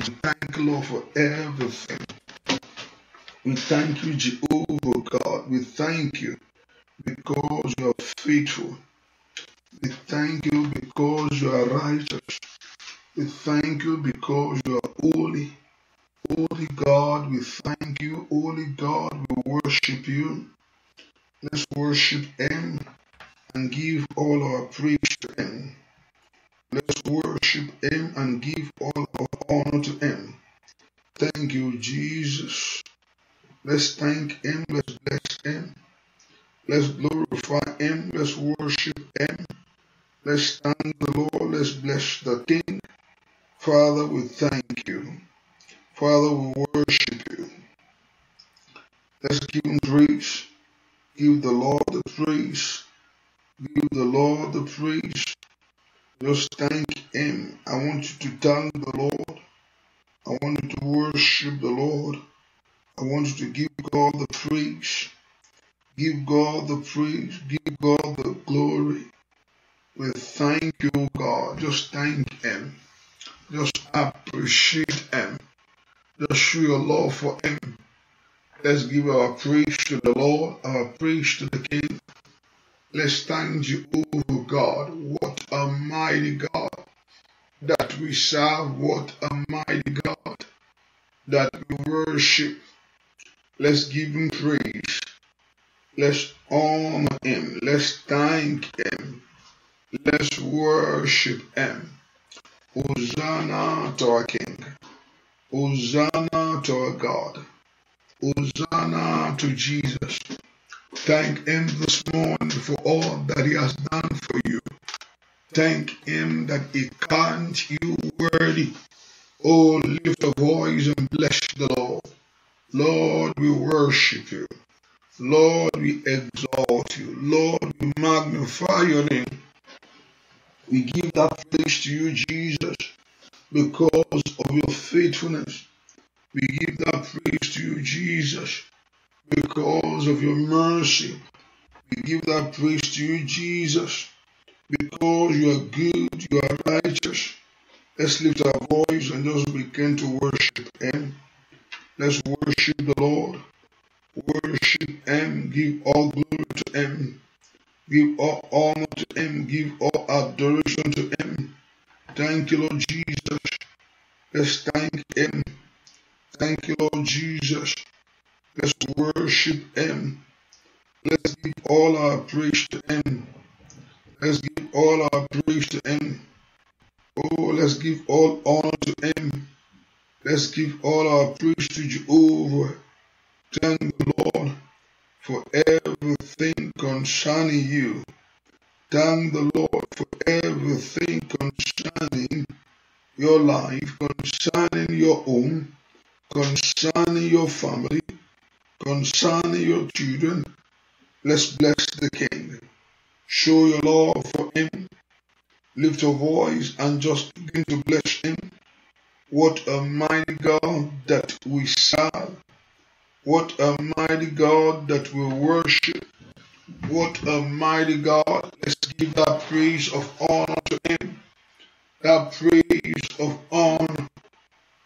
We thank you, Lord, for everything. We thank you, Jehovah God. We thank you because you are faithful. We thank you because you are righteous. We thank you because you are holy. Holy God, we thank you. Holy God, we worship you. Let's worship Him and give all our praise to Him. Let's worship Him and give all of honor to Him. Thank you, Jesus. Let's thank Him. Let's bless Him. Let's glorify Him. Let's worship Him. Let's thank the Lord. Let's bless the King. Father, we thank you. Father, we worship you. Let's give Him praise. Give the Lord the praise. Give the Lord the praise. Just thank Him. I want you to thank the Lord. I want you to worship the Lord. I want you to give God the praise. Give God the praise. Give God the glory. We thank you, God. Just thank Him. Just appreciate Him. Just show your love for Him. Let's give our praise to the Lord, our praise to the King. Let's thank you, O God. What a mighty God that we serve. What a mighty God that we worship. Let's give him praise. Let's honor him. Let's thank him. Let's worship him. Hosanna to our King. Hosanna to our God. Hosanna to Jesus. Thank Him this morning for all that He has done for you. Thank Him that He counts you worthy. Oh, lift a voice and bless the Lord. Lord, we worship you. Lord, we exalt you. Lord, we magnify your name. We give that praise to you, Jesus, because of your faithfulness. We give that praise to you, Jesus because of your mercy. We give that praise to you, Jesus, because you are good, you are righteous. Let's lift our voice and just begin to worship Him. Let's worship the Lord. Worship Him. Give all glory to Him. Give all honor to Him. Give all adoration to Him. Thank you, Lord Jesus. Let's thank Him. Thank you, Lord Jesus. Let's worship Him. Let's give all our praise to Him. Let's give all our praise to Him. Oh, let's give all honor to Him. Let's give all our praise to Jehovah. Thank the Lord for everything concerning you. Thank the Lord for everything concerning your life, concerning your home, concerning your family, concerning your children. Let's bless the King. Show your love for him. Lift your voice and just begin to bless him. What a mighty God that we serve. What a mighty God that we worship. What a mighty God. Let's give that praise of honor to Him. That praise of honor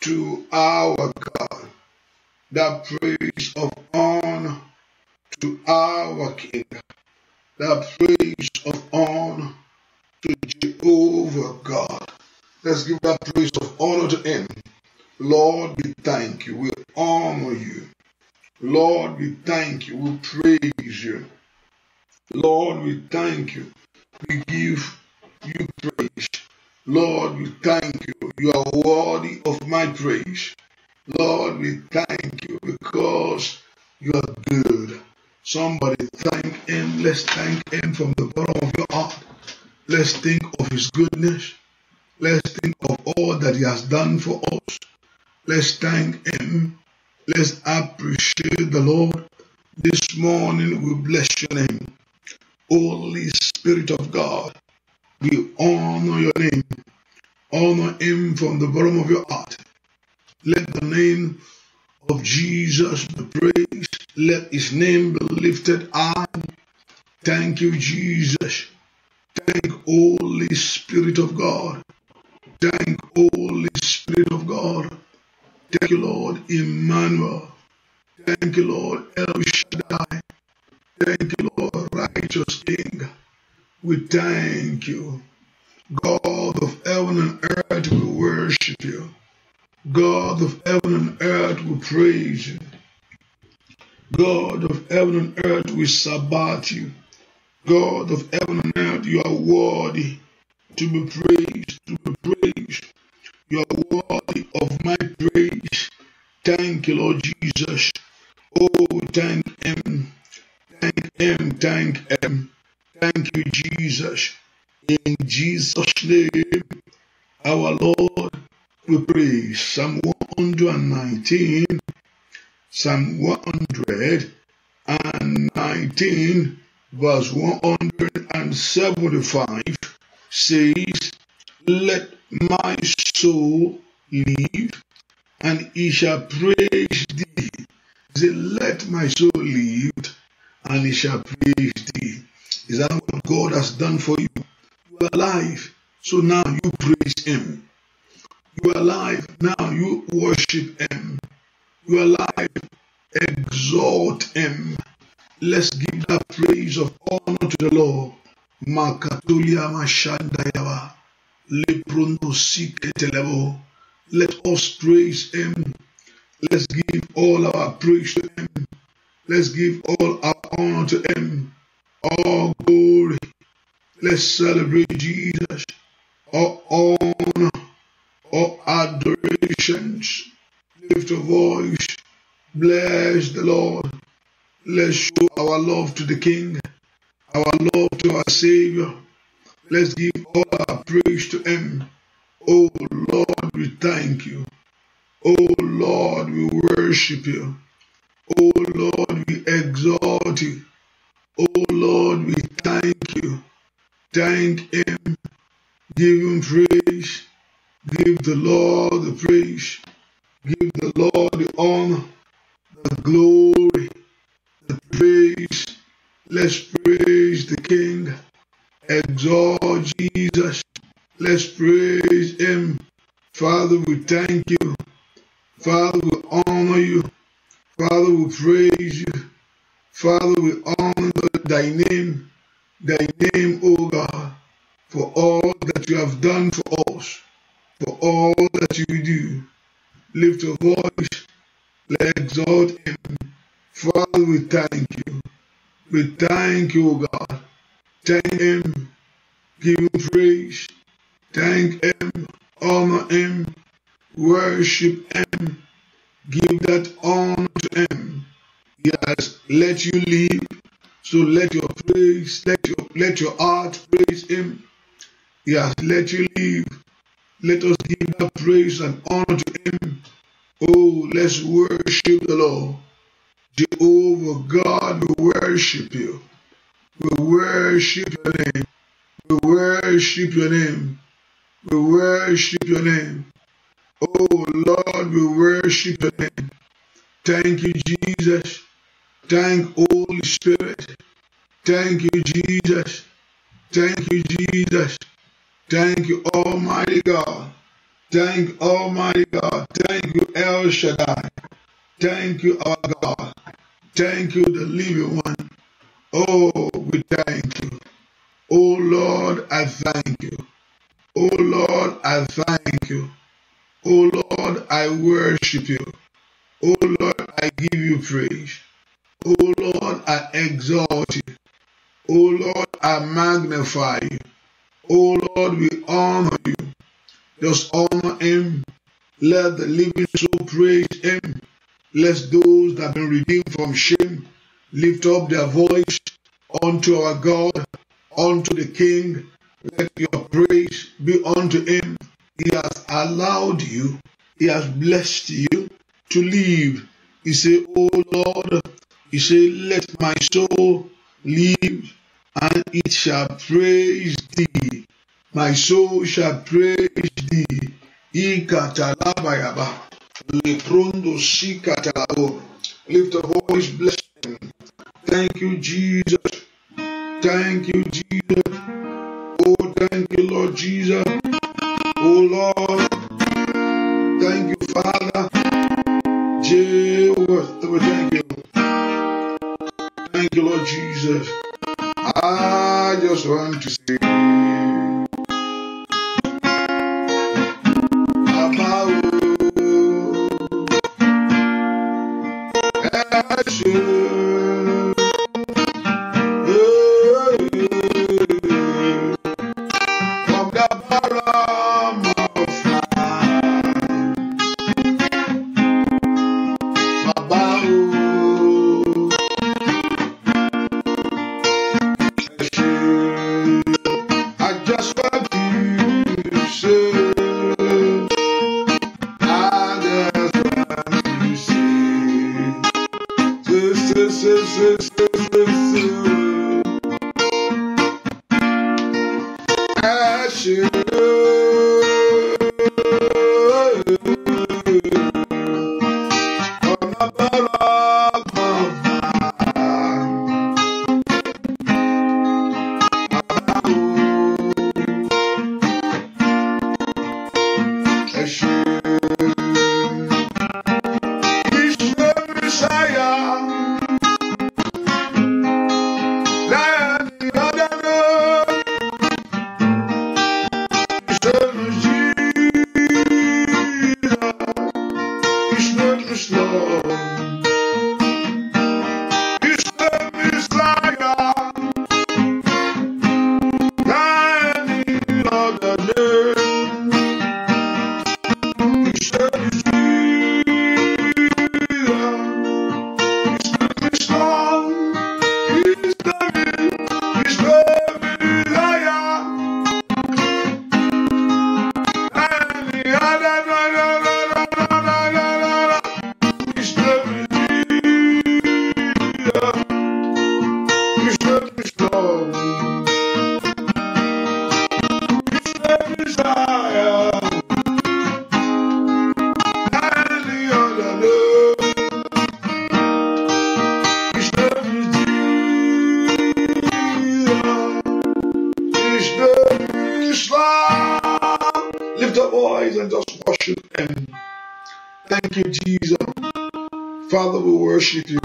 to our God. That praise of to our King. The praise of honor to Jehovah God. Let's give that praise of honor to Him. Lord, we thank you. We honor you. Lord, we thank you. We praise you. Lord, we thank you. We give you praise. Lord, we thank you. You are worthy of my praise. Lord, we thank you because you are good. Somebody thank Him. Let's thank Him from the bottom of your heart. Let's think of His goodness. Let's think of all that He has done for us. Let's thank Him. Let's appreciate the Lord. This morning we bless your name. Holy Spirit of God, we honor your name. Honor Him from the bottom of your heart. Let the name of Jesus be praised. Let his name be lifted up. Thank you, Jesus. Thank Holy Spirit of God. Thank Holy Spirit of God. Thank you, Lord Emmanuel. Thank you, Lord El Shaddai. Thank you, Lord Righteous King. We thank you. God of heaven and earth, we worship you. God of heaven and earth, we praise you. God of heaven and earth, we sabbat you. God of heaven and earth, you are worthy to be praised, to be praised. You are worthy of my praise. Thank you, Lord Jesus. Oh, thank Him. Thank Him. Thank Him. Thank you, Jesus. In Jesus' name, our Lord we praise Psalm 119, Psalm 119, verse 175 says, Let my soul live, and he shall praise thee. Say, Let my soul live, and he shall praise thee. Is that what God has done for you? You are alive, so now you praise him. You are alive now. You worship Him. You are alive. Exalt Him. Let's give that praise of honor to the Lord. Makatulia Mashandayava. Lepruno Siketelebo. Let us praise Him. Let's give all our praise to Him. Let's give all our honor to Him. All glory. Let's celebrate Jesus. All honor of adorations. Lift your voice. Bless the Lord. Let's show our love to the King, our love to our Savior. Let's give all our praise to Him. Oh Lord, we thank you. Oh Lord, we worship you. Oh Lord, we exalt you. Oh Lord, we thank you. Thank Him. Give Him praise. Give the Lord the praise. Give the Lord the honor, the glory, the praise. Let's praise the King. Exalt Jesus. Let's praise Him. Father, we thank you. Father, we honor you. Father, we praise you. Father, we honor thy name, thy name, O God, for all that you have done for us for all that you do. Lift your voice, let exalt him. Father, we thank you. We thank you, God. Thank him. Give him praise. Thank him. Honor him. Worship him. Give that honor to him. He has let you live. So let your praise, let your let your heart praise him. He has let you live. Let us give the praise and honor to Him. Oh, let's worship the Lord. Jehovah God, we worship you. We worship your name. We worship your name. We worship your name. Oh Lord, we worship your name. Thank you, Jesus. Thank Holy Spirit. Thank you, Jesus. Thank you, Jesus. Thank you, Almighty God. Thank you, Almighty God. Thank you, El Shaddai. Thank you, our God. Thank you, the living one. Oh, we thank you. Oh, Lord, I thank you. Oh, Lord, I thank you. Oh, Lord, I worship you. Oh, Lord, I give you praise. Oh, Lord, I exalt you. Oh, Lord, I magnify you. Oh Lord, we honor you. Just honor him. Let the living soul praise him. Let those that have been redeemed from shame lift up their voice unto our God, unto the King. Let your praise be unto him. He has allowed you, he has blessed you to live. He said, Oh Lord, he said, let my soul live and it shall praise thee. My soul shall praise thee. Ikatalabayaba. Leprondo shikatalabo. Lift a voice, blessing. Thank you, Jesus. Thank you, Jesus. Oh, thank you, Lord Jesus. Oh, Lord. Thank you, Father. Jehovah, thank you. Thank you, Lord Jesus. I just want to see. You.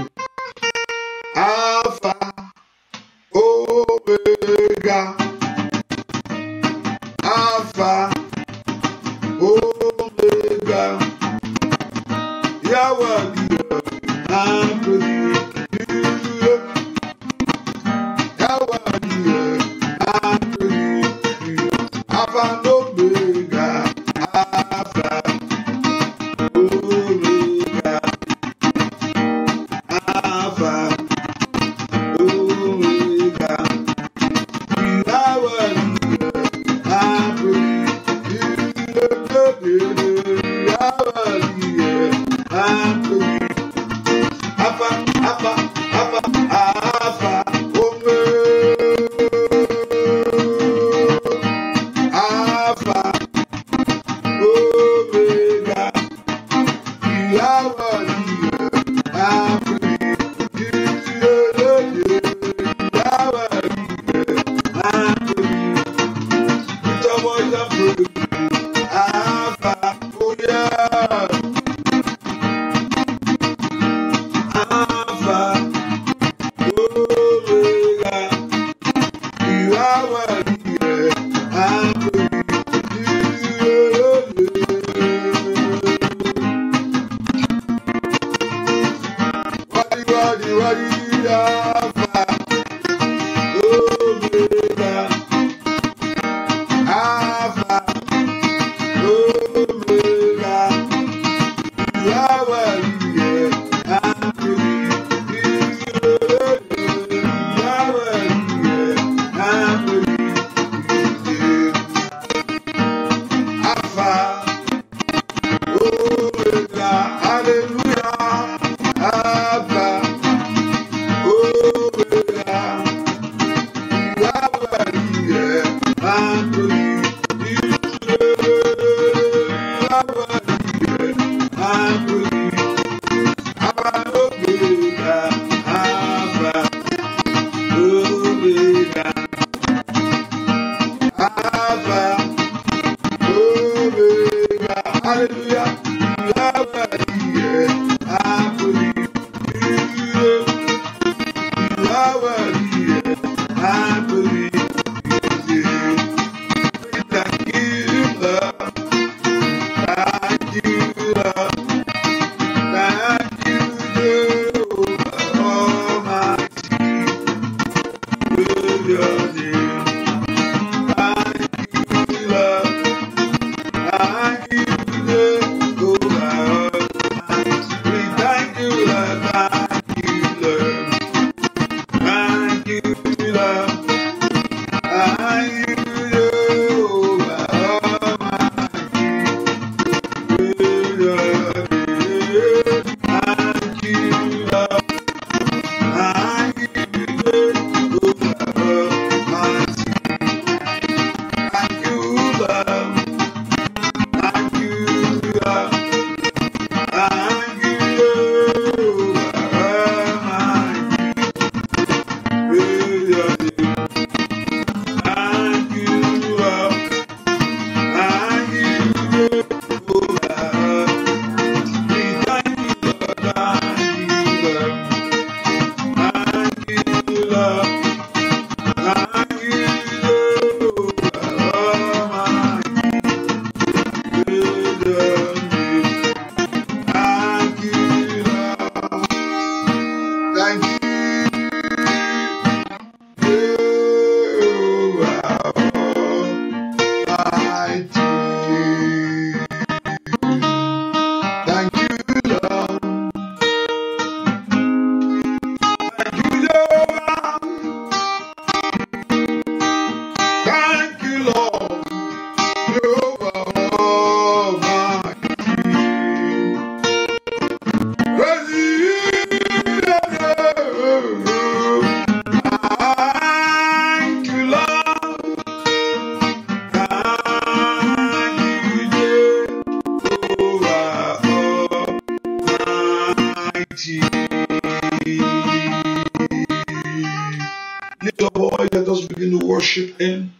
Begin to worship Him.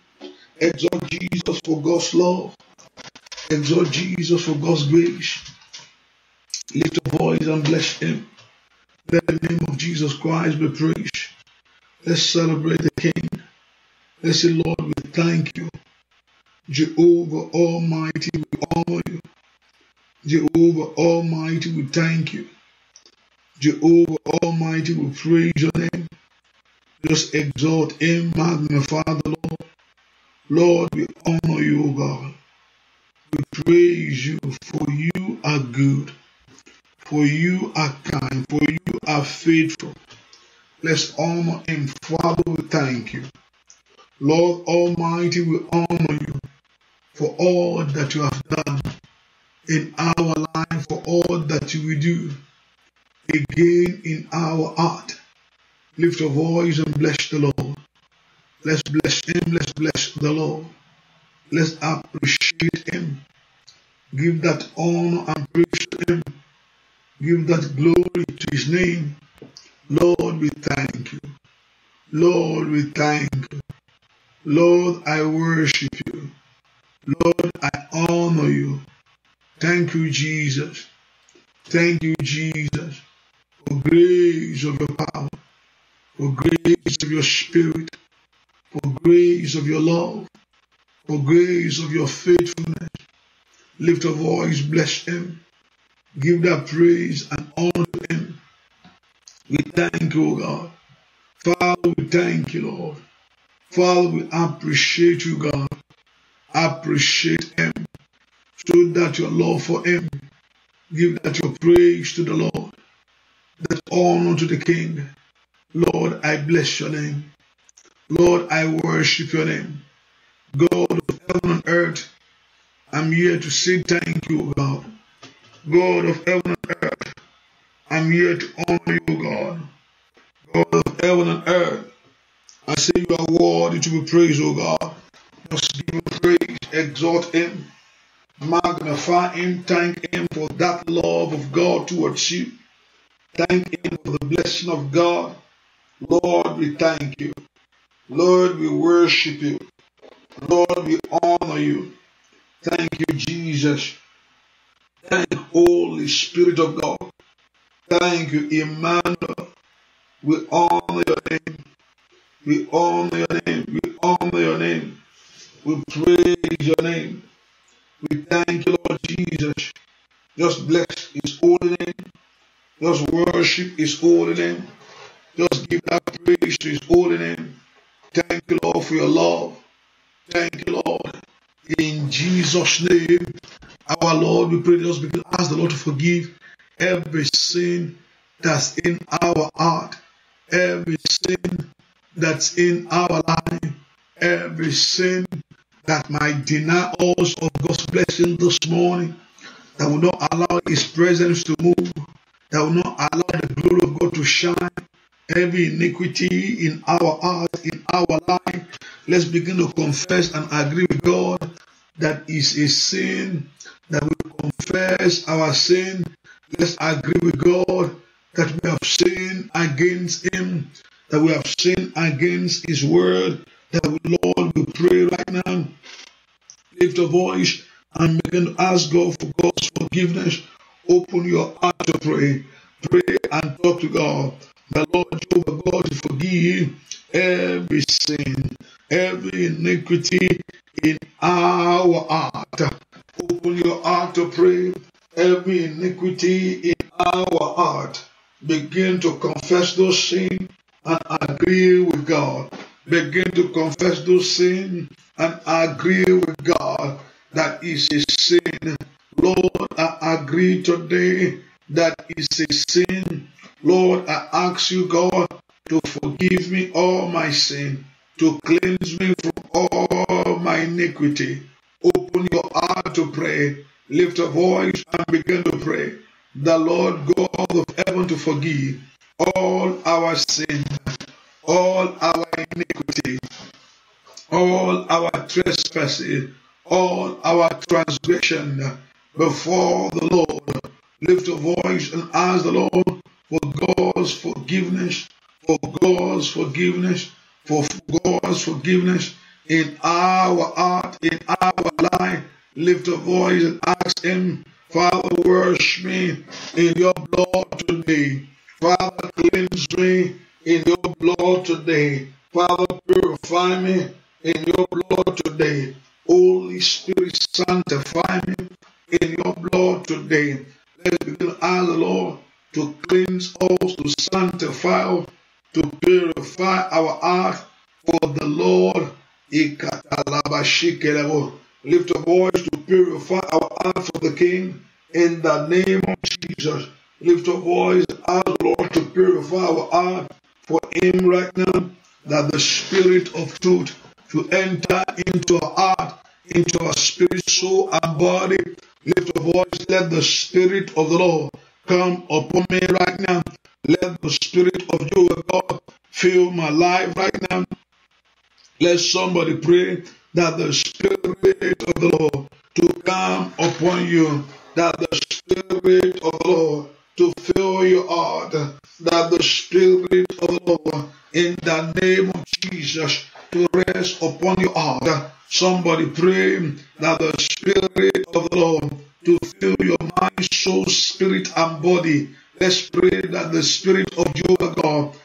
Exalt Jesus for God's love. Exalt Jesus for God's grace. Lift a voice and bless Him. Let the name of Jesus Christ be praised. Let's celebrate the King. Let's say, Lord, we thank you. Jehovah Almighty, we honor you. Jehovah Almighty, we thank you. Jehovah Almighty, we praise your name just exalt and magnify the Lord. Lord, we honor you, God. We praise you, for you are good, for you are kind, for you are faithful. Let's honor him. Father, we thank you. Lord Almighty, we honor you for all that you have done in our life, for all that you will do again in our heart. Lift your voice and bless the Lord. Let's bless Him. Let's bless the Lord. Let's appreciate Him. Give that honor and praise to Him. Give that glory to His name. Lord, we thank you. Lord, we thank you. Lord, I worship you. Lord, I honor you. Thank you, Jesus. Thank you, Jesus, for grace of your power for grace of your spirit, for grace of your love, for grace of your faithfulness. Lift a voice, bless him, give that praise and honor to him. We thank you, God. Father, we thank you, Lord. Father, we appreciate you, God. Appreciate him. Show that your love for him. Give that your praise to the Lord. That honor to the King. Lord, I bless your name. Lord, I worship your name. God of heaven and earth, I'm here to say thank you, God. God of heaven and earth, I'm here to honor you, God. God of heaven and earth, I say you are worthy to be praised, O God. Just give him praise, exalt him, magnify him, thank him for that love of God towards you. Thank him for the blessing of God. Lord, we thank you. Lord, we worship you. Lord, we honor you. Thank you, Jesus. Thank you, Holy Spirit of God. Thank you, Emmanuel. We honor your name. We honor your name. We honor your name. We praise your name. We thank you, Lord Jesus. Just bless his holy name. Just worship his holy name. Just give that praise to his holy name. Thank you, Lord, for your love. Thank you, Lord. In Jesus' name, our Lord, we pray just begin ask the Lord to forgive every sin that's in our heart, every sin that's in our life, every sin that might deny us of God's blessing this morning, that will not allow His presence to move, that will not allow the glory of God to shine, every iniquity in our heart, in our life. Let's begin to confess and agree with God that is a sin, that we confess our sin. Let's agree with God that we have sinned against Him, that we have sinned against His word. That we, Lord, we pray right now. Lift a voice and begin to ask God for God's forgiveness. Open your heart to pray. Pray and talk to God. The Lord Jehovah God forgive every sin, every iniquity in our heart. Open your heart to pray. Every iniquity in our heart. Begin to confess those sins and agree with God. Begin to confess those sins and agree with God that is a sin. Lord, I agree today that is a sin Lord, I ask you, God, to forgive me all my sin, to cleanse me from all my iniquity. Open your heart to pray. Lift a voice and begin to pray. The Lord God of heaven to forgive all our sin, all our iniquity, all our trespasses, all our transgression before the Lord Lift your voice and ask the Lord for God's forgiveness, for God's forgiveness, for God's forgiveness in our heart, in our life. Lift your voice and ask Him, Father, wash me in your blood today. Father, cleanse me in your blood today. Father, purify me in your blood today. Holy Spirit, sanctify me in your blood today as the people ask the Lord to cleanse us, to sanctify us, to purify our heart for the Lord. Lift a voice to purify our heart for the King in the name of Jesus. Lift a voice, our Lord to purify our heart for Him right now, that the Spirit of truth to enter into our heart into our spirit, soul, and body. Lift a voice. Let the Spirit of the Lord come upon me right now. Let the Spirit of Jehovah God fill my life right now. Let somebody pray that the Spirit of the Lord to come upon you. That the Spirit of the Lord to fill your heart that the Spirit of the Lord in the name of Jesus to rest upon your heart. Somebody pray that the Spirit of the Lord to fill your mind, soul, spirit, and body. Let's pray that the Spirit of Jehovah God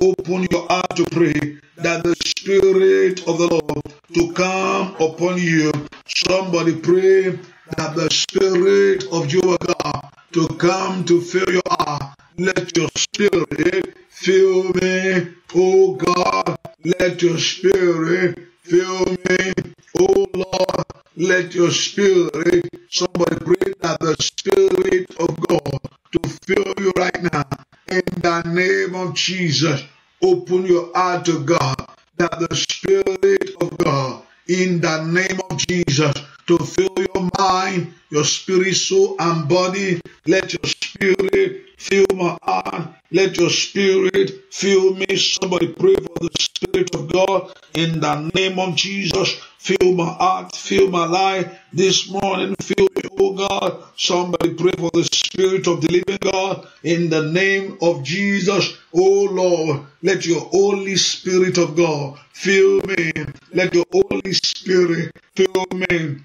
Open your heart to pray that the Spirit of the Lord to come upon you. Somebody pray that the Spirit of your God to come to fill your heart. Let your Spirit fill me, O God. Let your Spirit fill me, O Lord. Let your Spirit, somebody pray that the Spirit of God to fill you right now. In the name of Jesus, open your heart to God, that the Spirit of God, in the name of Jesus, to fill your mind, your spirit, soul, and body. Let your spirit fill my heart. Let your spirit fill me. Somebody pray for the Spirit of God in the name of Jesus. Fill my heart, fill my life this morning. Fill me, oh God. Somebody pray for the Spirit of the living God in the name of Jesus. Oh Lord, let your Holy Spirit of God fill me. Let your Holy Spirit fill me.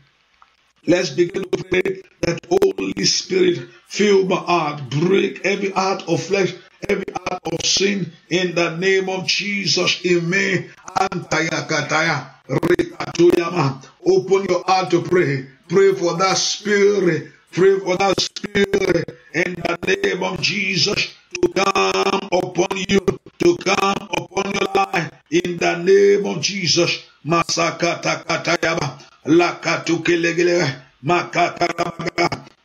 Let's begin to pray that Holy Spirit fill my heart, break every heart of flesh, every heart of sin in the name of Jesus. Amen. Open your heart to pray. Pray for that spirit. Pray for that spirit in the name of Jesus to come upon you, to come upon your life in the name of Jesus. Masakata katayaba. lakatukelegele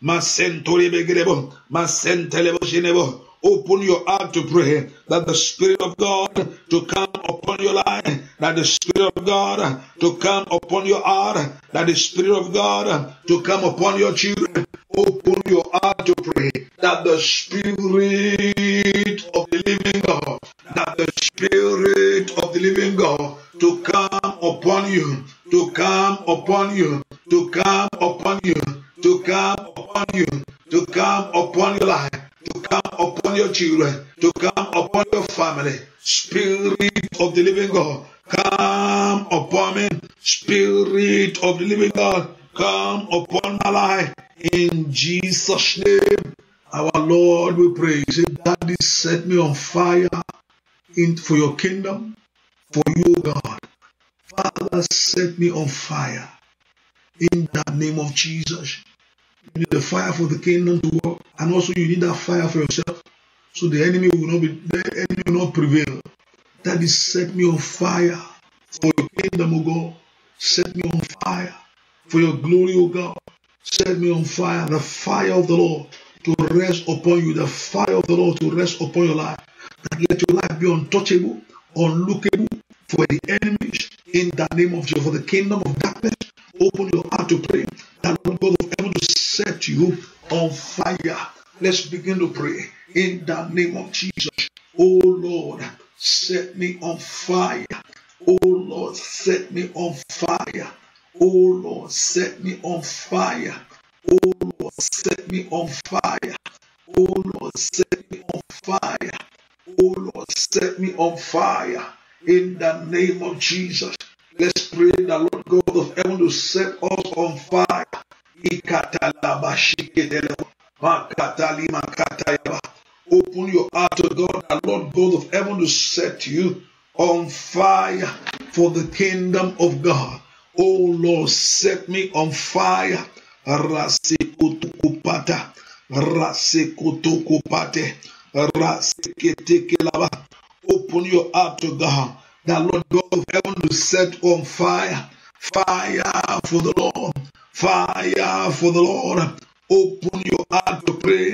masentolebegelebo open your heart to pray that the Spirit of God to come upon your life, that the Spirit of God to come upon your heart, that the Spirit of God to come upon your children. Open your heart to pray that the Spirit of the living God, that the Spirit of the living God to come upon you, to come upon you, to come upon you, to come upon you, to come upon your life, to come upon your children, to come upon your family. Spirit of the living God, come upon me. Spirit of the living God, come upon my life. In Jesus' name, our Lord, we praise. Daddy, set me on fire in, for your kingdom for you, God. Father, set me on fire. In the name of Jesus. You need the fire for the kingdom to work. And also you need that fire for yourself. So the enemy will not be the enemy will not prevail. That is set me on fire for your kingdom, O God. Set me on fire for your glory, O God. Set me on fire, the fire of the Lord to rest upon you, the fire of the Lord to rest upon your life. That let your life be untouchable, unlookable, for the enemies in the name of Jesus, for the kingdom of darkness. Open your heart to pray that God of heaven to set you on fire. Let's begin to pray in the name of Jesus. Oh Lord, set me on fire. Oh Lord, set me on fire. Oh Lord, set me on fire. Oh Lord, set me on fire. Oh Lord, set me on fire. Oh Lord, set me on fire in the name of Jesus. Let's pray the Lord God of heaven to set us on fire. Open your heart to God, the Lord God of heaven to set you on fire for the kingdom of God. Oh Lord, set me on fire. Rasekutukupata, rasekutokupate, lava. Open your heart to God. That Lord God of heaven will set on fire. Fire for the Lord. Fire for the Lord. Open your heart to pray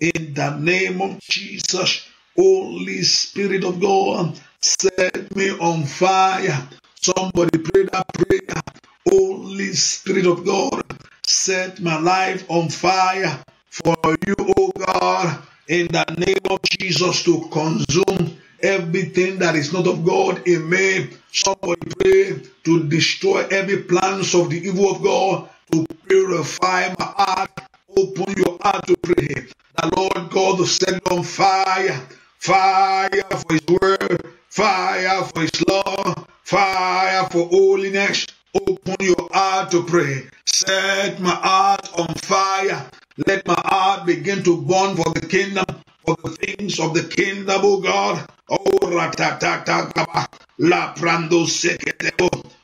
in the name of Jesus. Holy Spirit of God, set me on fire. Somebody pray that prayer. Holy Spirit of God, set my life on fire for you, O God. in the name of Jesus to consume everything that is not of God. Amen. Somebody pray to destroy every plans of the evil of God, to purify my heart. Open your heart to pray. The Lord God will send on fire, fire for His word, fire for His law, fire for holiness. Open your heart to pray. Set my heart on fire let my heart begin to burn for the kingdom, for the things of the kingdom, O God. Oh,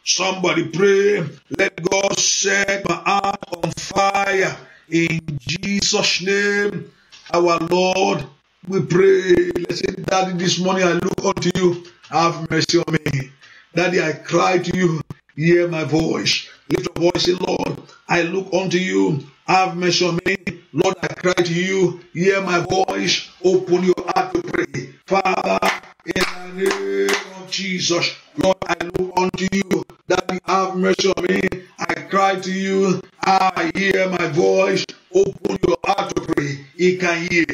Somebody pray. Let God set my heart on fire. In Jesus' name, our Lord, we pray. Let's say, Daddy, this morning I look unto you. Have mercy on me. Daddy, I cry to you. Hear my voice. Lift your voice, Lord. I look unto you. I've mentioned me, Lord, I cry to you. Hear my voice. Open your heart to pray. Father, in the name of Jesus, Lord, I look unto you that you have mercy on me. I cry to you. I hear my voice. Open your heart to pray. He can hear.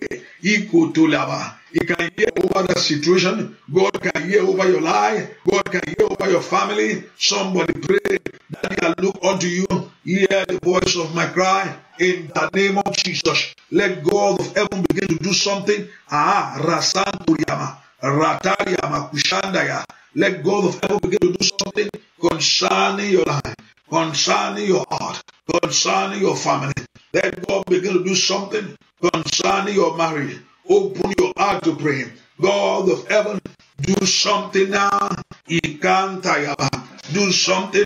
He could do lava. He can hear over the situation. God can hear over your life. God can hear over your family. Somebody pray that I look unto you Hear the voice of my cry in the name of Jesus. Let God of heaven begin to do something. Ah, Rasanturiama, Ratariama, Kushandaya. Let God of heaven begin to do something concerning your life, concerning your heart, concerning your family. Let God begin to do something concerning your marriage. Open your heart to pray. God of heaven, do something now. Do something now. Do something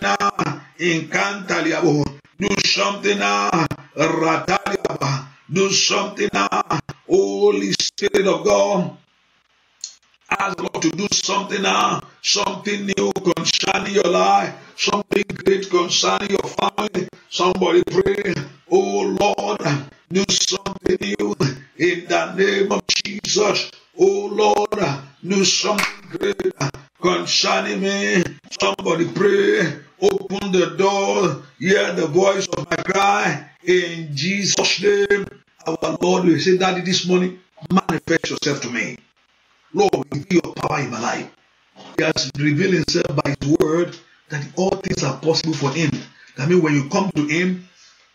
now. Do something now. Holy Spirit of God. Ask God to do something now, something new concerning your life, something great concerning your family. Somebody pray, Oh Lord, do something new in the name of Jesus. Oh Lord, do something great concerning me. Somebody pray. Open the door. Hear the voice of my cry. In Jesus' name, our Lord will say, Daddy, this morning, manifest yourself to me. Lord, reveal your power in my life. He has revealed himself by his word that all things are possible for him. That means when you come to him,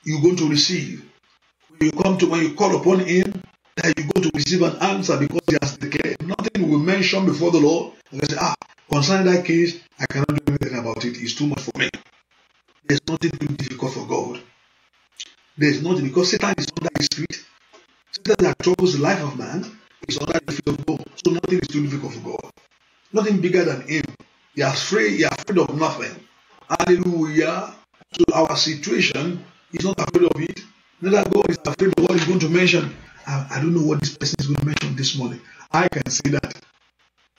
you're going to receive. you come to when you call upon him that you go to receive an answer because he has declared nothing will mention before the Lord and say ah concerning that case I cannot do anything about it it's too much for me there's nothing too difficult for God there's nothing because Satan is under his feet Satan that troubles the life of man is under the feet of God so nothing is too difficult for God nothing bigger than him he is free. he is afraid of nothing hallelujah so our situation is not afraid of it Another God is afraid of what he's going to mention. I, I don't know what this person is going to mention this morning. I can see that.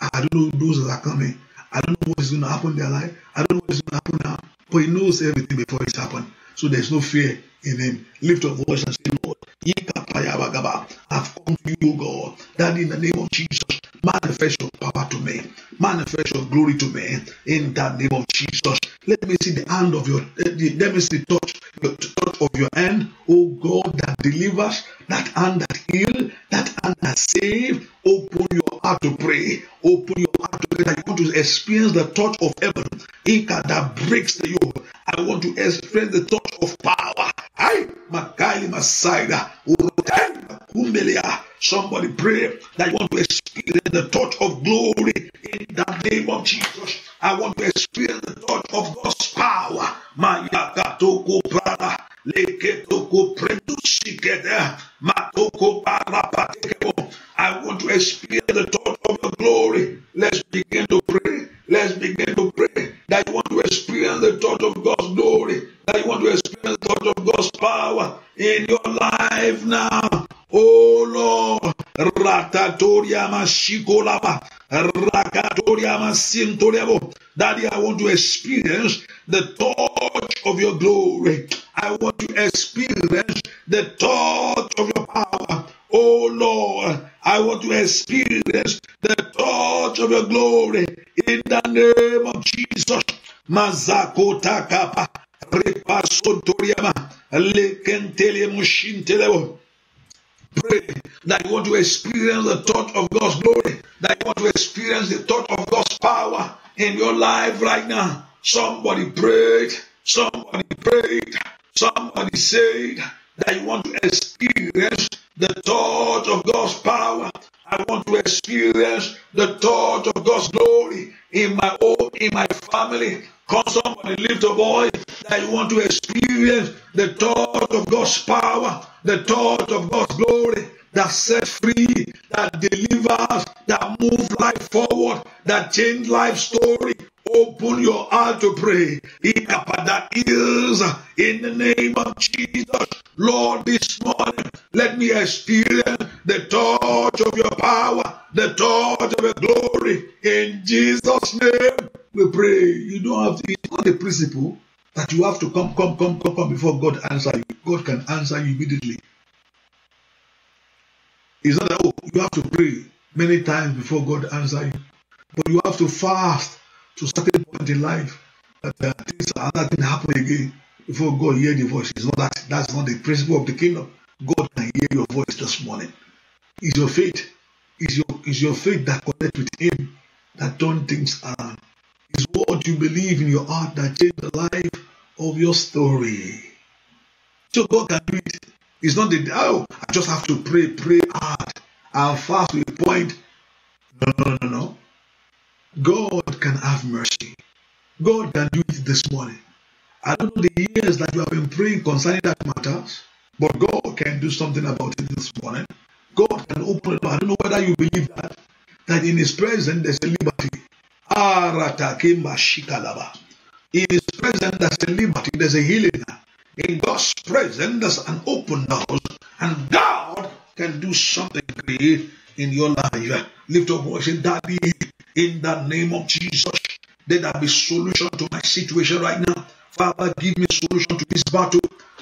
I don't know those that are coming. I don't know what is going to happen in their life. I don't know what is going to happen now. But he knows everything before it's happened. So there's no fear in him. Lift your voice and say, Lord, I've come to you, God. That in the name of Jesus, Manifest your power to me. Manifest your glory to me. In the name of Jesus. Let me see the hand of your, let me see the touch, the touch of your hand. Oh God, that delivers, that hand that heals, that hand that saves. Open your heart to pray. Open your heart to pray that you want to experience the touch of heaven. Inca that breaks the yoke. I want to experience the touch of power. I, Magali Masaida, Somebody pray that you want to experience the touch of glory in the name of Jesus. I want to experience the touch of God's power. yagatoko brother. Leketoko prendusikede. Matoko parapatekebo. I want to experience the touch of the glory. Let's begin to pray. Let's begin to pray that you want to experience the touch of God's glory. That you want to experience the touch of God's power in your life now. Oh Lord, Ratatoria Mashikolaba, Rakatoria Masintoriabo. Daddy, I want to experience the touch of your glory. I want to experience the touch of your power. Oh Lord, I want to experience the touch of your glory in the name of Jesus. Mazakota kapa, repasotoriama, lekentele mushintelebo. pray that you want to experience the touch of God's glory, that you want to experience the touch of God's power in your life right now. Somebody prayed, somebody prayed, somebody said that you want to experience the touch of God's power. I want to experience the touch of God's glory in my own, in my family. Come somebody lift a voice that you want to experience the touch of God's power the thought of God's glory that sets free, that delivers, that moves life forward, that change life story. Open your heart to pray. in the name of Jesus. Lord, this morning, let me experience the touch of your power, the touch of your glory. In Jesus' name, we pray. You don't have to, it's not a principle. That you have to come, come, come, come, come before God answer you. God can answer you immediately. It's not that oh, you have to pray many times before God answer you, but you have to fast to certain point in life that uh, things another thing happen again before God hear the voice. It's not that that's not the principle of the kingdom. God can hear your voice this morning. Is your faith. Is your, is your faith that connect with Him that turn things around. Is what you believe in your heart that change the life of your story. So God can do it. It's not the oh, I just have to pray, pray hard, and fast we point. No, no, no, no. God can have mercy. God can do it this morning. I don't know the years that you have been praying concerning that matters, but God can do something about it this morning. God can open it I don't know whether you believe that, that in His presence there's a liberty. Aratake Mashikalaba. In His presence, there's a liberty, there's a healing. In God's presence, there's an open doors, and God can do something great in your life. Lift up voice, Daddy, in the name of Jesus, let there be solution to my situation right now. Father, give me solution to this battle.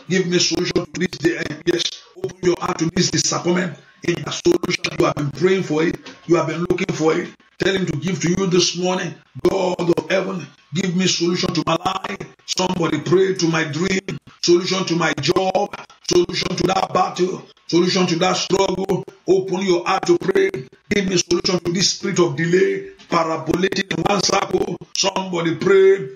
Give me solution to this. Day. Eh, yes, open your heart to this disappointment. In the solution you have been praying for it, you have been looking for it, tell him to give to you this morning. God of heaven, give me solution to my life. Somebody pray to my dream, solution to my job, solution to that battle, solution to that struggle. Open your heart to pray. Give me solution to this spirit of delay parabolated in one circle. Somebody pray.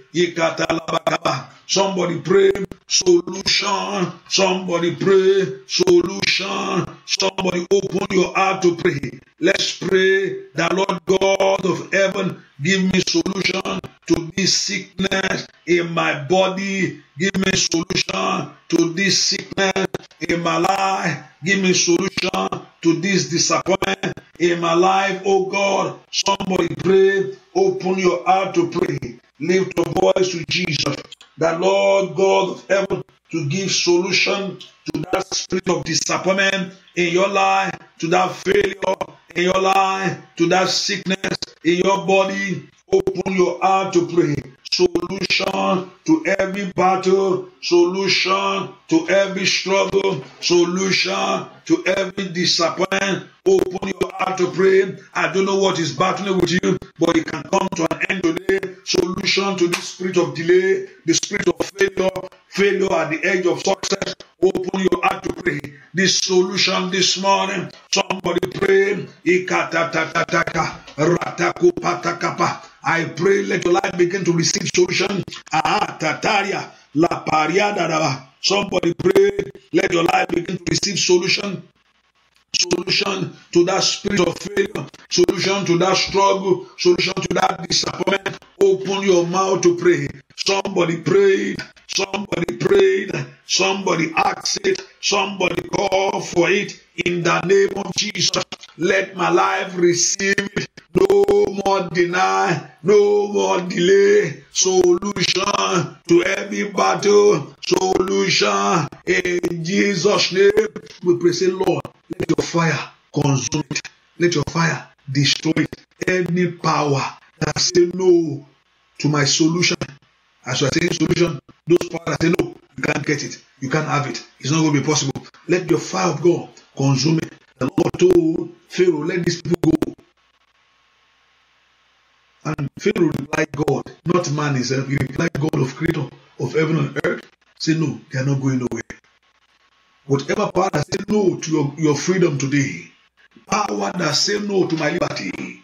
Somebody pray. Solution. Somebody pray. Solution. Somebody open your heart to pray. Let's pray that Lord God of heaven, give me solution to this sickness in my body. Give me solution to this sickness in my life. Give me solution to this disappointment in my life, oh God. Somebody pray, open your heart to pray. Lift your voice to Jesus, the Lord God of heaven, to give solution to that spirit of disappointment in your life, to that failure in your life, to that sickness in your body. Open your heart to pray solution to every battle, solution to every struggle, solution to every disappointment. Open your heart to pray. I don't know what is battling with you, but it can come to an end today. Solution to the spirit of delay, the spirit of failure, failure at the edge of success. Open your heart to pray. This solution this morning, somebody pray. Ikatatataka, ratakupatakapa. I pray let your life begin to receive solution. Ah, tataria, la pariada. Somebody pray, let your life begin to receive solution solution to that spirit of failure, solution to that struggle, solution to that disappointment. Open your mouth to pray. Somebody prayed, somebody prayed, somebody asked it, somebody called for it in the name of Jesus. Let my life receive it. No more deny, no more delay. Solution to every battle. Solution in Jesus' name. We pray, say, Lord, let your fire consume it. Let your fire destroy it. Any power that say no to my solution. As you are saying solution, those power that say no, you can't get it, you can't have it. It's not going to be possible. Let your fire of God consume it. The Lord told Pharaoh, let these people go. And Pharaoh replied God, not man himself. He replied God of creator of heaven and earth. Say no, they are not going nowhere. Whatever power that says no to your, your freedom today, power that say no to my liberty,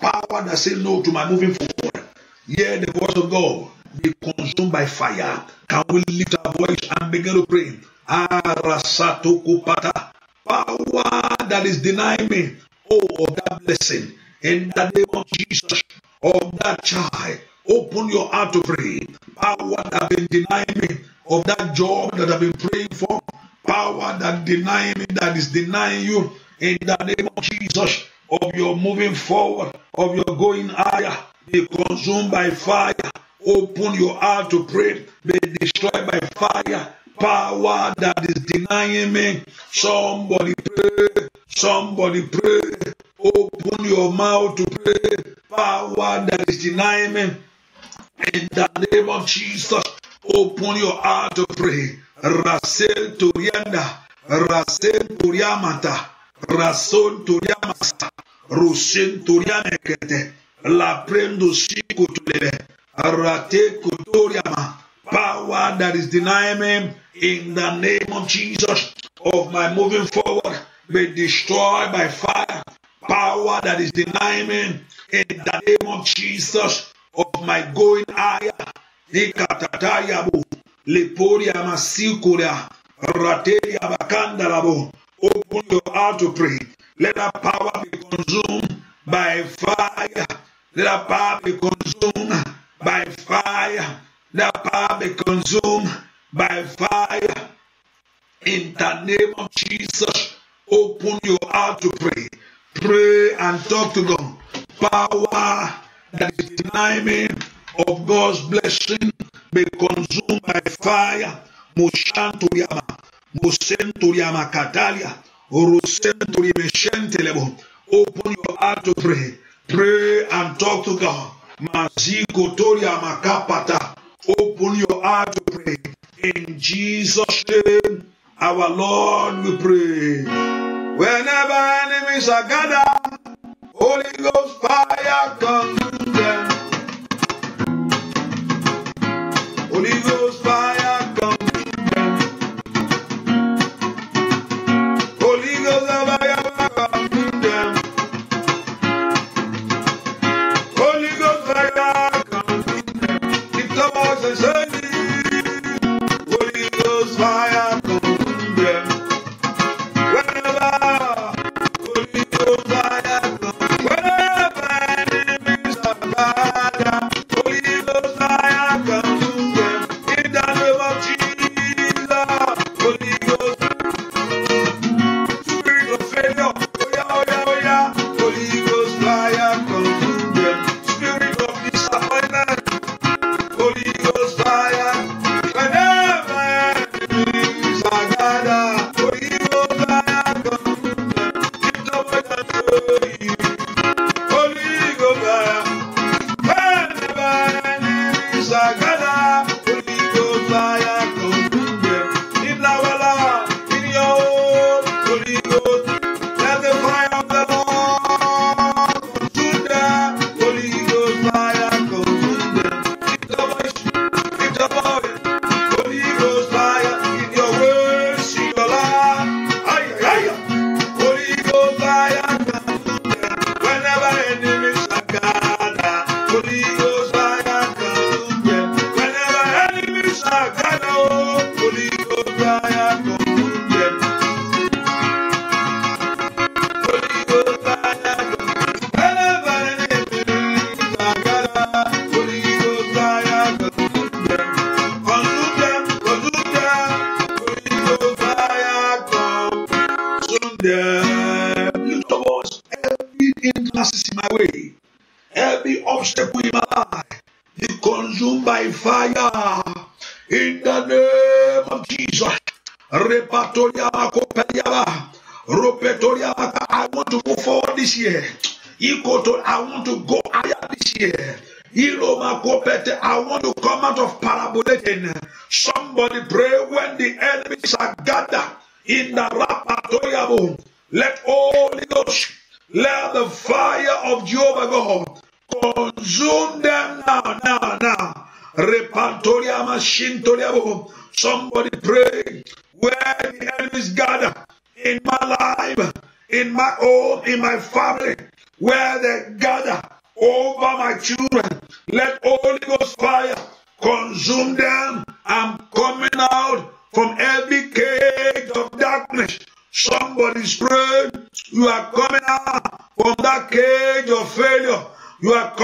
power that say no to my moving forward, hear the voice of God. Be consumed by fire. Can we lift our voice and begin to pray? Arasato kupata. Power that is denying me, oh, of that blessing. in the name of Jesus of that child. Open your heart to pray. Power that have been denying me of that job that I've been praying for. Power that denying me, that is denying you in the name of Jesus of your moving forward, of your going higher. Be consumed by fire. Open your heart to pray. Be destroyed by fire power that is denying me. Somebody pray, somebody pray, Open your mouth to pray. Power that is denying me. In the name of Jesus, open your heart to pray. Rasel Turianda, Rasel Turiamata, Rasol Turiamasa, Rushin Turiamekete, La Prendo Shikutulebe, Rate Kuturiama. Power that is denying me in the name of Jesus of my moving forward be destroyed by fire Power that is denying me in the name of Jesus of my going higher. Nikatatayabu, Leporia Masikuria, Rateria Bakandarabu. Open your heart to pray. Let that power be consumed by fire. Let that power be consumed by fire. Let that power be consumed by fire. In the name of Jesus, open your heart to pray. Pray and talk to God. Power that is denying me of God's blessing be consumed by fire. Mushanturiama, Musenturiama Katalia, Urusenturi Meshentelebo. Open your heart to pray. Pray and talk to God. Mazikotoria Makapata. Open your heart to pray. In Jesus' name, our Lord, we pray. Whenever enemies are gathered, Holy Ghost fire to them. Holy Ghost fire.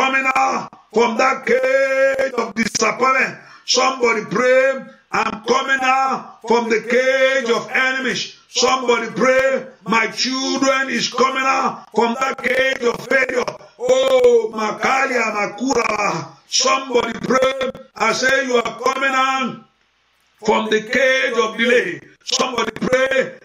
coming out from that cage of disappointment. Somebody pray, I'm coming out from the cage of enemies. Somebody pray, my children is coming out from that cage of failure. Oh, Makalia Makura. Somebody pray, I say you are coming out from the cage of delay. Somebody pray,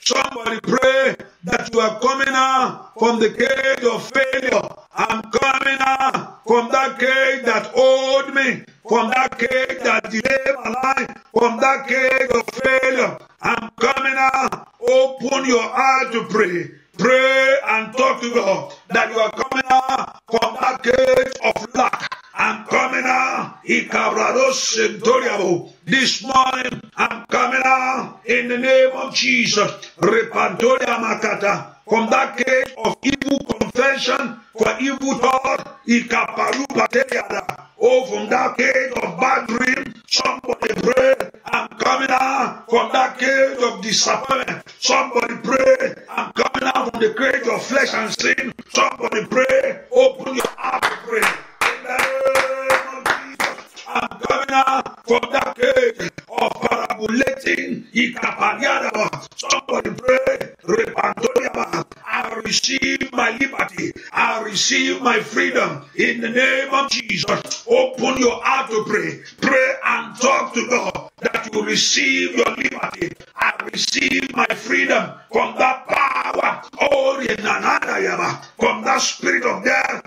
Somebody pray that you are coming out from the cage of failure. I'm coming out from that cage that hold me, from that cage that delayed my life, from that cage of failure. I'm coming out. Open your heart to pray. Pray and talk to God that you are coming out from that cage of lack. I'm coming out. This morning, I'm coming out in the name of Jesus. Repantoria Makata from that cage of evil confession for evil thought. Oh, from that cage of bad dream, somebody pray. I'm coming out from that cage of disappointment. Somebody pray. I'm coming out from the cage of flesh and sin. Somebody pray. Open your heart to pray. Amen. I'm coming out from that cage of parabolating. Somebody pray. I receive my liberty. I receive my freedom in the name of Jesus. Open your heart to pray. Pray and talk to God that you receive your liberty. I receive my freedom from that power. From that spirit of death.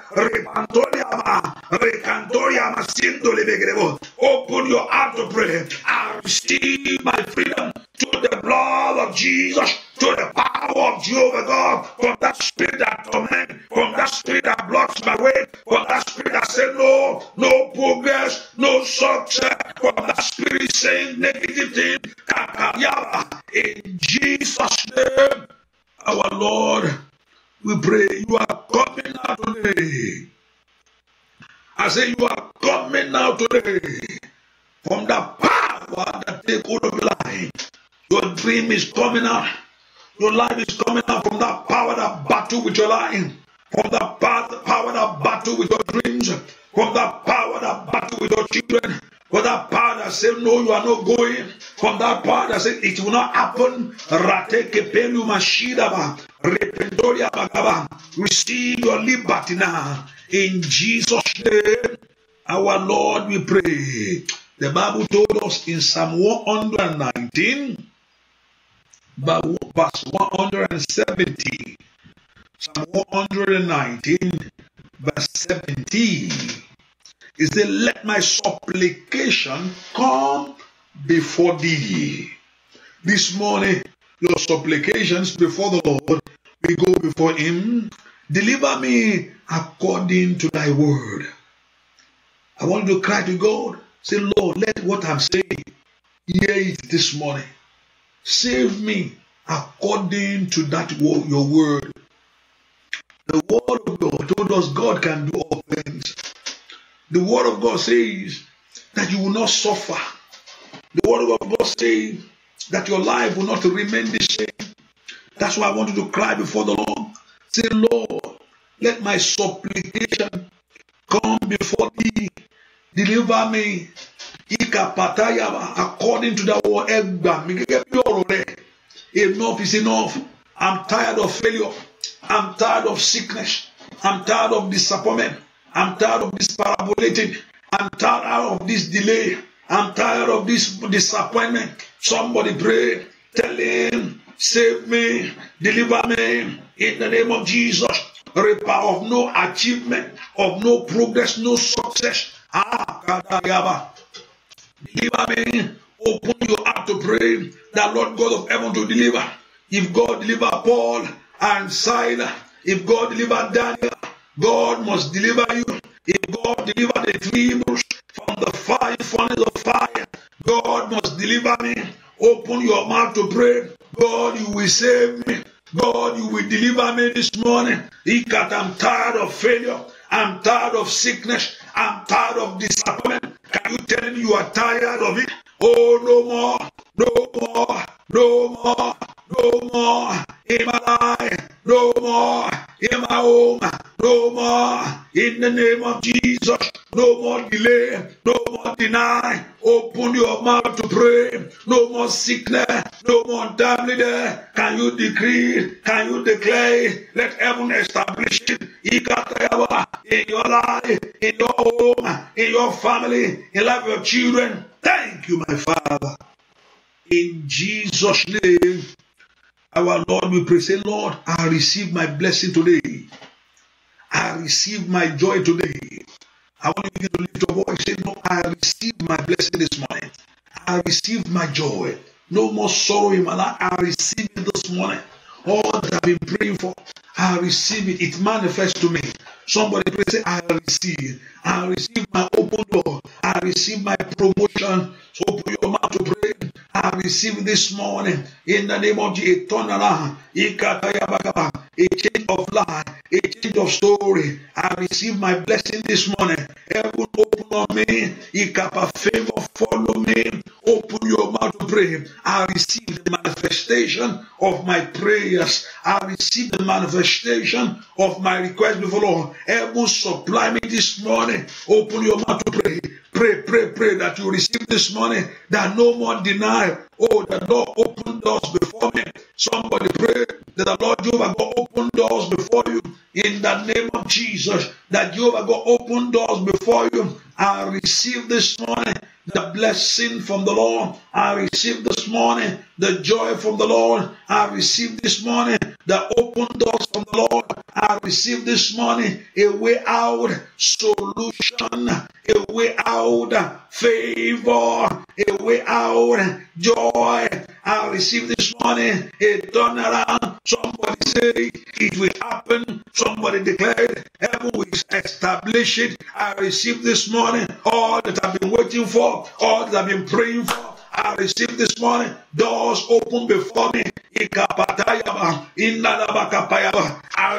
Open your heart to pray. I receive my freedom through the blood of Jesus to the power of Jehovah God from that spirit that torment, from that spirit that blocks my way, from that spirit that says no, no progress, no success, from that spirit saying negative things. In Jesus' name, our Lord, we pray you are coming out today. I say you are coming out today from the power that take hold of life. Your dream is coming out. Your life is coming out from that power that battle with your life. From that power that battle with your dreams. From that power that battle with your children. From that power that says, no, you are not going. From that power that says, it will not happen. Receive your liberty now. In Jesus' name, our Lord, we pray. The Bible told us in Psalm 119, But verse one hundred and seventy, Psalm 119, verse 17. It Let my supplication come before thee. This morning, your supplications before the Lord, we go before him. Deliver me according to thy word. I want to cry to God. Say, Lord, let what I'm saying hear it this morning. Save me according to that wo- your word. The word of God told us God can do all things. The word of God says that you will not suffer. The word of God says that your life will not remain the same. That's why I want you to cry before the Lord. Say, Lord, let my supplication come before thee. Deliver me ikapatayaba according to that word ẹgbà mi gẹ́gẹ́ bí ọ̀rọ̀ rẹ̀ enough is enough i'm tired of failure i'm tired of sickness i'm tired of disappointment i'm tired of this parabolating i'm tired of this delay i'm tired of this disappointment somebody pray tell him save me deliver me in the name of jesus reaper of no achievement of no progress no success ah kadayaba. Deliver me. Open your heart to pray that Lord God of heaven to deliver. If God deliver Paul and Silas, if God deliver Daniel, God must deliver you. If God deliver the Hebrews from the fire, furnace of fire, God must deliver me. Open your mouth to pray. God, you will save me. God, you will deliver me this morning. I'm tired of failure. I'm tired of sickness. I'm tired of disappointment. Can you tell me you are tired of it? Oh, no more, no more, no more, no more in my life, no more in my home, no more in the name of Jesus, no more delay, no more deny. Open your mouth to pray, no more sickness, no more untimely death. Can you decree? Can you declare? Let heaven establish it in your life, in your home, in your family, in life of your children. Thank you, my Father. In Jesus' name. Our Lord, we pray, say, Lord, I receive my blessing today. I receive my joy today. I want you to lift your voice. Say, No, I received my blessing this morning. I received my joy. No more sorrow in my life. I received it this morning. All that I've been praying for, I receive it. It manifests to me. Somebody pray, say, I receive. I receive my open door. I receive my promotion. So open your mouth to pray. I receive this morning in the name of Jesus. Turn around. A change of life, a change of story. I receive my blessing this morning. Heaven open on me. Favor follow me. Open your mouth to pray. I receive the manifestation of my prayers. I receive the manifestation of my request before Lord. Heaven supply me this morning. Open your mouth to pray. Pray, pray, pray that you receive this morning. That no more deny. Oh, the Lord open doors before me. Somebody pray that the Lord Jehovah God open doors before you in the name of Jesus. That Jehovah God open doors before you. I receive this morning the blessing from the Lord I received this morning the joy from the Lord I received this morning, the open doors from the Lord I received this morning, a way out, solution, a way out, favor, a way out, joy I received this morning, a turnaround. Somebody say it will happen. Somebody declared heaven will establish it. I received this morning all that I've been waiting for, all that I've been praying for I received this morning. Doors open before me. I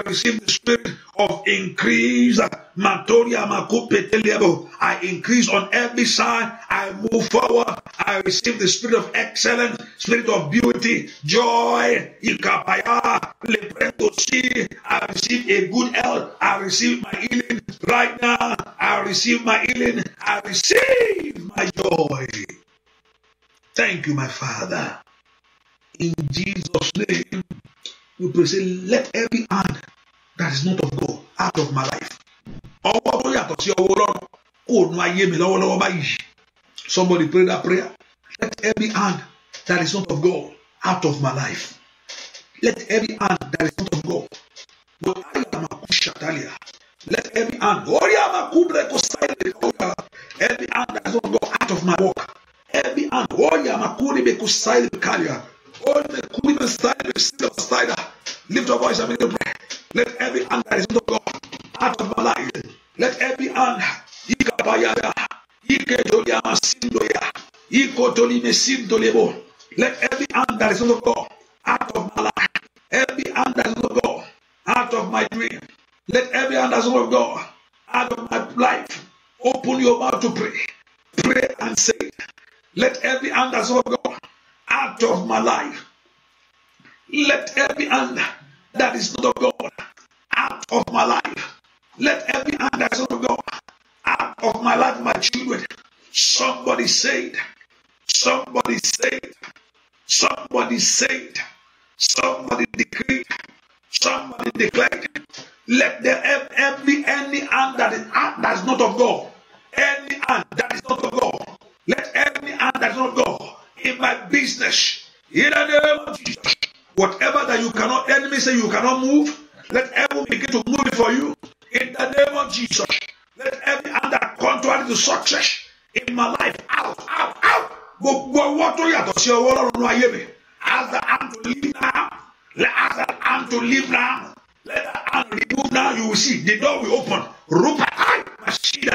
receive the spirit of increase. I increase on every side. I move forward. I receive the spirit of excellence, spirit of beauty, joy. I receive a good health. I receive my healing right now. I receive my healing. I receive my Thank you, my Father. In Jesus' name, we pray, say, let every hand that is not of God out of my life. Somebody pray that prayer. Let every hand that is not of God out of my life. Let every hand that is not of God. Let every hand. Every hand that is not of God out of my work every angoya makuri be bekusaidi bekalia all mekuri beside receive of cider lift your voice and make to pray let every hand that is not God out of my life let every hand ikabayada ikejoliamasindoya ikotolimesindolebo let every hand that is not God out of my life every hand that is not God out of my dream let every hand that is not God out of my life open your mouth to pray pray and say Let every hand that's all out of my life. Let every hand that is not of God out of my life. Let every hand that's not of God out of my life, my children. Somebody said, somebody said, somebody said, somebody decreed, somebody declared. Let be every any hand that is that's not of God, any hand that is not of God let every hand that's not God in my business, in the name of Jesus, whatever that you cannot, enemy say you cannot move, let every begin to move for you. In the name of Jesus, let every hand that contrary to success in my life, out, out, out. Gbogbo ọwọ́ tó yàtọ̀ sí ọwọ́ Ọlọ́run ayé mi. the hand to leave now. Let ask the hand to leave now. Let the hand remove now. You will see the door will open. Rupa, I, Mashida,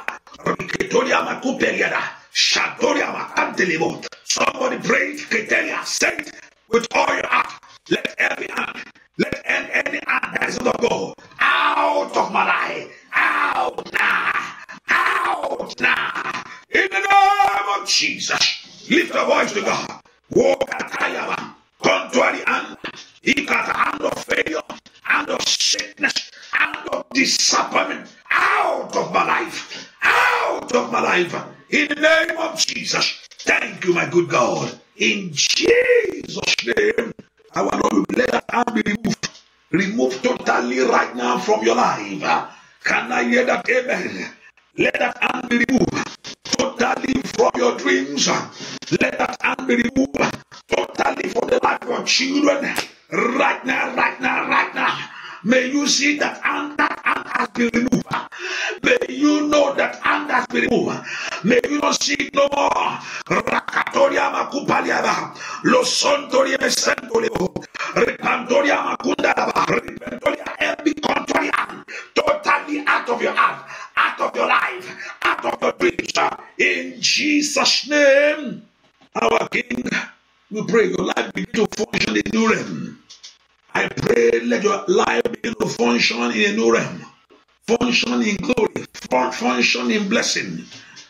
deliver. Somebody bring Criteria, sent with all your heart. Let every hand, let any hand that is not go out of my life. Out now. Out now. In the name of Jesus. Lift your voice to God. good God. In Jesus' name, I want to let that hand be removed. Removed totally right now from your life. Can I hear that? Amen. Let that hand be removed totally from your dreams. Let that hand be removed totally from the life of your children. Right now, right now, right now. May you see that hand, that has been removed. May you know that hand has been removed. May you not see it no more. Rakatoria makupaliaba. Losontoria mesentolio. Repantoria makundalaba. Repantoria every contrary Totally out of your hand. Out of your life. Out of your dreams. In Jesus' name. Our King, we pray your life begin to function in new realm. I pray let your life begin to function in a new realm, function in glory, function in blessing,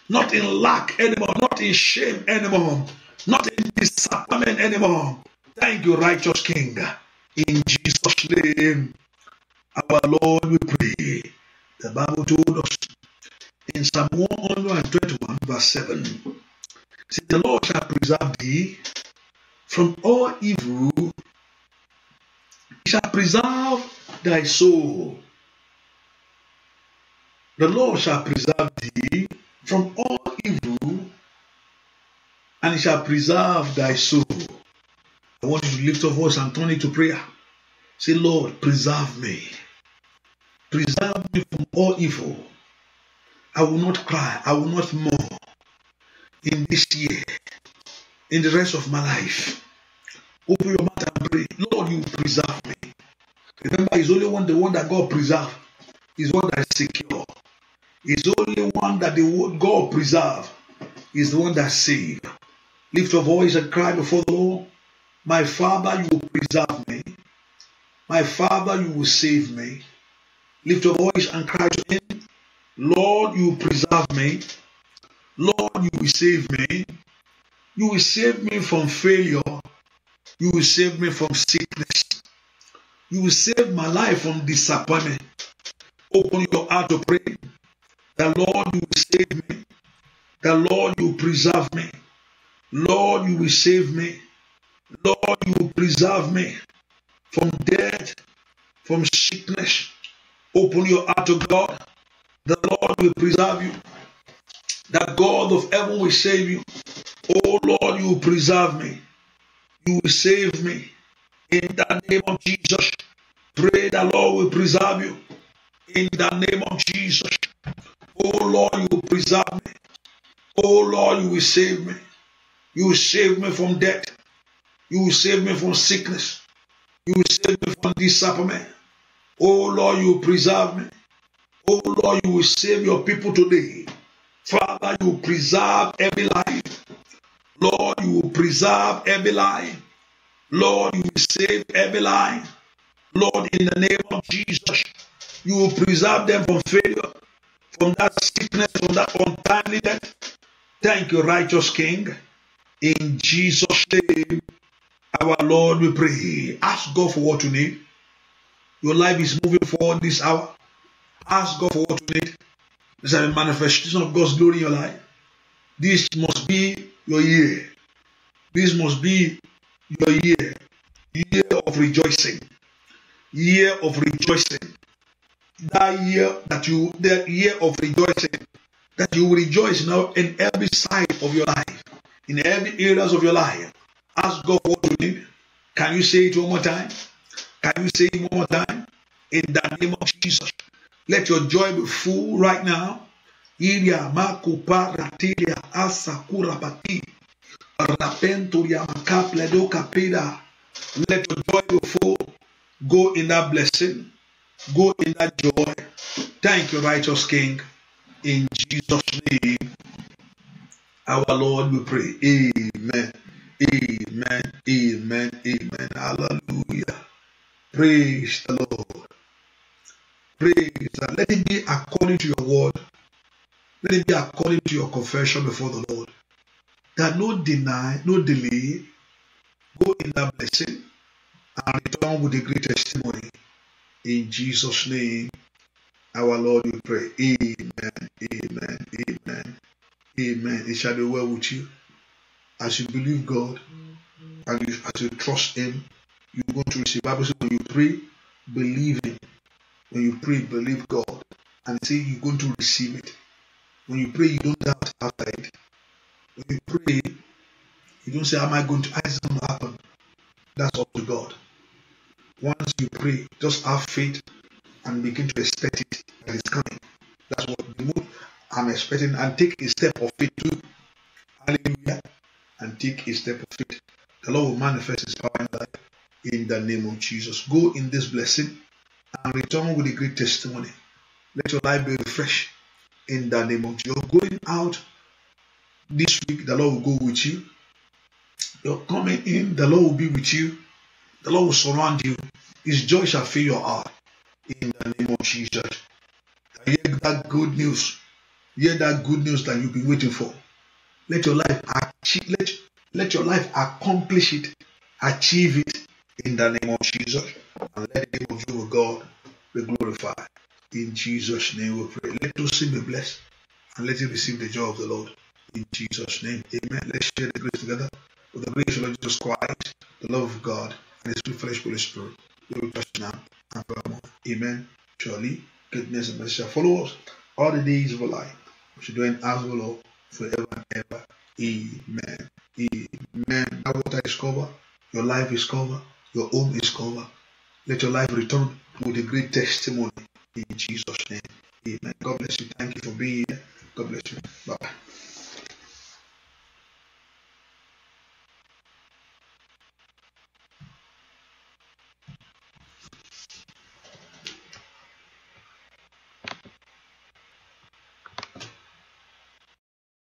not in lack anymore, not in shame anymore, not in disappointment anymore. Thank you, righteous King. In Jesus' name, our Lord, we pray. The Bible told us in Psalm 121, verse 7 See, the Lord shall preserve thee from all evil shall preserve thy soul. The Lord shall preserve thee from all evil, and he shall preserve thy soul. I want you to lift your voice and turn it to prayer. Say, Lord, preserve me. Preserve me from all evil. I will not cry. I will not mourn in this year, in the rest of my life. Open your mouth and pray. Lord, you preserve me. Remember, He's only one, the one that God preserve. He's one that is secure. He's only one that the God preserve. He's the one that save. Lift your voice and cry before the Lord. My Father, you will preserve me. My Father, you will save me. Lift your voice and cry to Him. Lord, you will preserve me. Lord, you will save me. You will save me from failure. You will save me from sickness. You will save my life from disappointment. Open your heart to pray. The Lord, you will save me. The Lord, you will preserve me. Lord, you will save me. Lord, you will preserve me from death, from sickness. Open your heart to God. The Lord will preserve you. The God of heaven will save you. Oh Lord, you will preserve me. You will save me. In the name of Jesus, pray the Lord will preserve you. In the name of Jesus, oh Lord, you will preserve me. Oh Lord, you will save me. You will save me from death. You will save me from sickness. You will save me from disappointment. Oh Lord, you will preserve me. Oh Lord, you will save your people today. Father, you will preserve every life. Lord, you will preserve every life. Lord, you save every life. Lord, in the name of Jesus, you will preserve them from failure, from that sickness, from that untimely death. Thank you, righteous King. In Jesus' name, our Lord, we pray. Ask God for what you need. Your life is moving forward this hour. Ask God for what you need. This is a manifestation of God's glory in your life. This must be your year. This must be your year, year of rejoicing, year of rejoicing. That year that you, that year of rejoicing, that you rejoice now in every side of your life, in every areas of your life. Ask God what you need. Can you say it one more time? Can you say it one more time? In the name of Jesus, let your joy be full right now. Iria asakura let the joy before Go in that blessing. Go in that joy. Thank you, righteous King. In Jesus' name, our Lord, we pray. Amen. Amen. Amen. Amen. Hallelujah. Praise the Lord. Praise Let it be according to your word. Let it be according to your confession before the Lord that no deny, no delay, go in that blessing and return with a great testimony. In Jesus' name, our Lord, we pray. Amen, amen, amen, amen. It shall be well with you. As you believe God and you, as you trust Him, you're going to receive. Bible says when you pray, believe Him. When you pray, believe God and say you're going to receive it. When you pray, you don't doubt after it. When you pray, you don't say, Am I going to? ask just not happen. That's up to God. Once you pray, just have faith and begin to expect it that it's coming. That's what the move I'm expecting. And take a step of faith too. Hallelujah. And take a step of faith. The Lord will manifest his power in life in the name of Jesus. Go in this blessing and return with a great testimony. Let your life be refreshed in the name of Jesus. You're going out this week, the Lord will go with you. You're coming in, the Lord will be with you. The Lord will surround you. His joy shall fill your heart. In the name of Jesus. I hear that good news. Hear that good news that you've been waiting for. Let your life achieve, let, let your life accomplish it, achieve it in the name of Jesus. And let the name of your God, be glorified. In Jesus' name we pray. Let us be blessed and let you receive the joy of the Lord in Jesus' name. Amen. Let's share the grace together. With the grace of Lord Jesus Christ, the love of God, and His true flesh. Holy Spirit, We will touch now and forevermore. Amen. Surely, goodness and mercy shall follow us all the days of our life. We shall do it as house love forever and ever. Amen. Amen. That what I covered. Your life is covered. Your home is covered. Let your life return with a great testimony in Jesus' name. Amen. God bless you. Thank you for being here. God bless you. Bye bye.